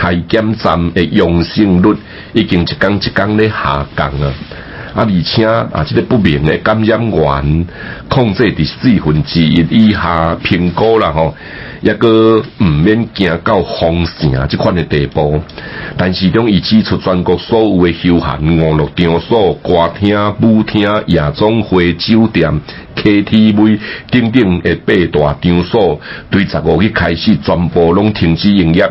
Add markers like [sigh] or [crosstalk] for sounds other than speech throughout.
台檢站的陽性率已經一降一降咧下降啊，啊，而且啊，這個不明的感染源控制佇四分之一以下，評估了吼，也個唔免行到封城啊，這款的地步。但是，將已指出全國所有嘅休閒娛樂場所、歌廳、舞廳、夜總會、酒店、KTV 等等嘅八大場所，從十五日開始全部攏停止營業。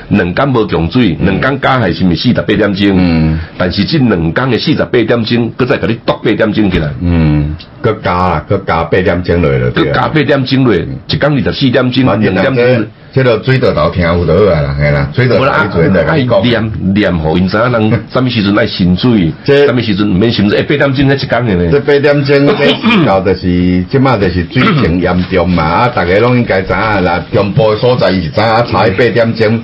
兩工無降水，兩工加起來是毋是四十八點鐘、嗯？但是這兩工的四十八點鐘，佫再給你多八點鐘起來。嗯。佮加，佮加八點鐘落來。佮加八點鐘落來，一工二十四點鐘，廿、嗯、點鐘。即落水道頭聽唔到啊啦，係啦，水道頭去做咧。阿一個，念念雨，因知影人？啥物時陣愛滲水？即啥物時陣毋免滲水？哎、 [laughs] 欸，八點鐘才一工嘅咧。即八點鐘，然後就是即滿，嗯嗯、就是水重嚴重嘛。啊，大家攏應該知啊啦，中部嘅所在是知啊，差八點鐘。嗯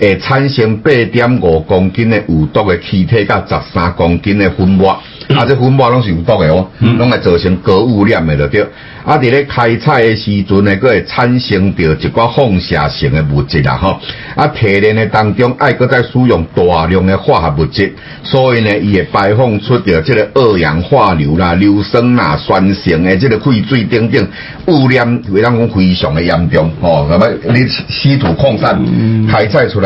會產生八點五公斤的有毒的氣體，甲十三公斤的粉末，嗯、啊！這粉末都是有毒的哦，做成高污染的就對了。啊！佇咧開採的時陣呢，佫會產生着一寡放射性嘅物質啦吼。啊！提煉的當中，愛佫再使用大量嘅化學物質，所以呢，伊會排放出的這個二氧化硫啦、硫酸啦、酸性的這個廢水等等，污染講非常嘅嚴重吼。咁啊，你稀土礦山開採出來。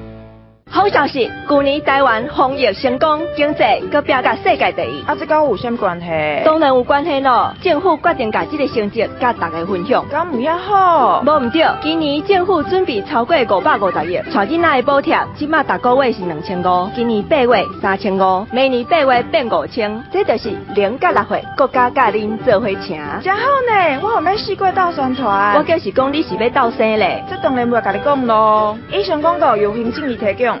好消息！去年台灣防疫成功，經濟閣飆到世界第一。啊，這跟我有什麼關係？當然有關係咯。政府決定把這個成績甲大家分享。咁唔要好？無唔對，今年政府準備超過五百五十億，帶囡仔的補貼，即馬每個月是兩千五，今年八月三千五，明年八月變五千。這就是零到六歲，國家加您做回請。真好呢，我好沒試過倒宣傳。我就是講你是要倒生咧，這當然不會跟你講咯。以上廣告由行政院提供。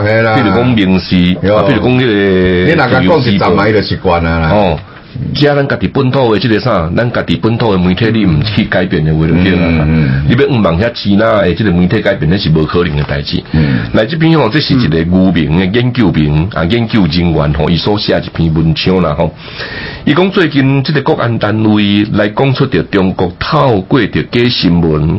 譬如講名士，譬、啊、如講呢、那個自由市場，呢個習慣啊。哦，即係咱家啲本土嘅，即個啥？咱家啲本土嘅媒體，你唔去、這個、改變嘅為咗點啊？你俾五萬一次啦，誒，即個媒體改變咧是冇可能嘅大事。嚟、嗯、這邊哦，這是一個著名嘅研究、嗯、研究員啊，研究人員，佢所寫一篇文章啦，嗬、喔。佢講最近，即個國安單位嚟講出條中國透過條假新聞。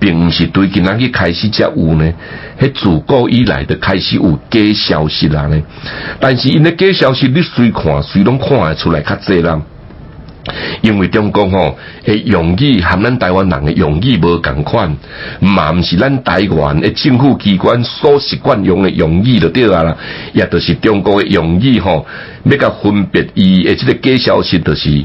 並唔是最近那去開始才有呢，迄自古以來就開始有假消息啦呢。但是因個假消息，你隨看隨攏看會出來較濟啦。因為中國吼，誒、那個、用語和咱台灣人嘅用語無共款，嘛毋是咱台灣誒政府機關所習慣用嘅用語就對啦，也著是中國嘅用語吼，要甲分別伊誒即個假消息就是。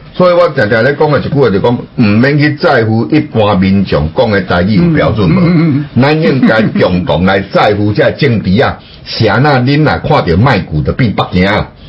所以我常常咧講嘅一句話就講，唔免去在乎一般民眾講嘅代志有標準無，咱、嗯嗯嗯、應該共同來在乎即個政治啊，誰啊，恁啊，看到賣股就變北京